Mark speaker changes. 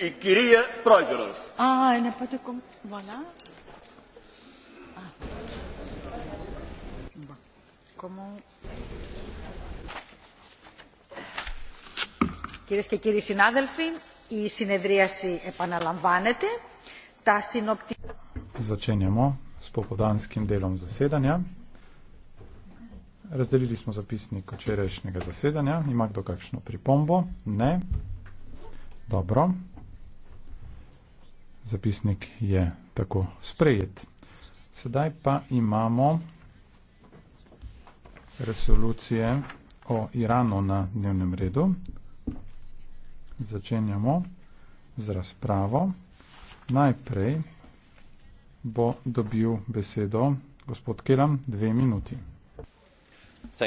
Speaker 1: et Kyrie Proigros.
Speaker 2: Ah, elle n'a pas de com... Voilà. Ah. Bon. Comment...
Speaker 3: Κυρίες και κύριοι συνάδελφοι, η συνεδρίαση επαναλαμβάνεται. Τα συνοπτικά...
Speaker 4: Začenjamo s popodanskim delom zasedanja. Razdelili smo zapisnik včerajšnjega zasedanja. Ima kdo kakšno pripombo? Ne. Dobro zapisnik je tako sprejet. Sedaj pa imamo resolucije o Iranu na dnevnem redu. Začenjamo z razpravo. Najprej bo dobil besedo gospod Kelam dve minuti.